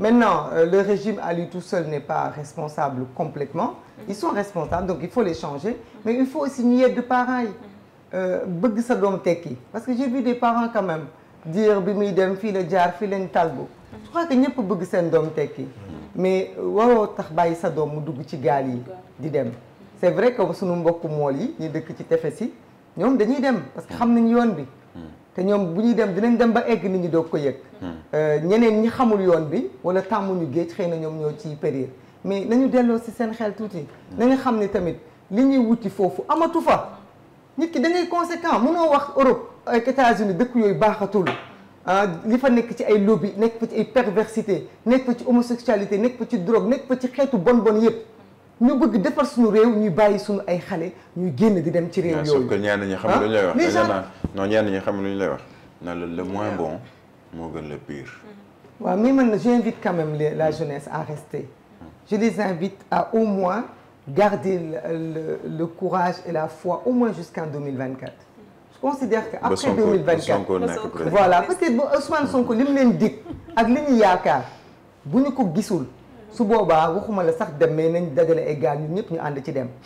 Maintenant, euh, le régime à lui tout seul n'est pas responsable complètement. Mhm. Ils sont responsables, donc il faut les changer. Mais il faut aussi une aide de pareil. Mhm. Euh, bëgg sa doom tekki parce que j'ai vu des parents quand même dire bi muy dem fii la jaar fii lañ talbu mhm. je crois que ñëpp bëgg seen doom tekki mais euh, waroo tax bàyyi sa doom mu dugg ci gaal yi di dem c'est vrai que sunu mbokku mool yi ñu dëkk ci tefes yi ñoom dañuy dem parce que xam nañ yoon bi te ñoom bu ñuy dem dinañ dem ba egg nit ñi doog ko yëg. Hmm. Euh, ñeneen ñi xamul yoon bi wala tàmmuñu géej xëy na ñoom ñoo ciy périr mais na ñu delloo si seen xel tuuti. Hmm. nañu xam ne tamit li ñuy wuti foofu amatu fa. nit ki da ngay conséquent mënoo wax Europe ak états dëkk yooyu baaxatul ah li fa nekk ci ay lobby nekk fa ci ay perversité nekk fa ci homosexualité nekk fa ci drogue nekk fa ci xeetu bon bon yëpp. ñu bëgg defar suñu réew ñuy bàyyi suñu ay xale ñuy génn di dem ci réew yooyu. waaw sauf xam ah? nga dañu lay non ñenn ñi xam lu ñu lay wax. na la le moins bon moo gën le pire. Mm. waaw mais man j'invite quand même la jeunesse à rester. Mm. je les invite à au moins garder le, le, le courage et la foi au moins jusqu'en 2024. je considère que après 2024 voilà peut-être ba Ousmane Sonko li mu leen dig ak li yaakaar bu ñu ko gisul su boobaa waxuma la sax dem mais nañ dajale ay gaal ñun ñëpp ñu ànd ci dem.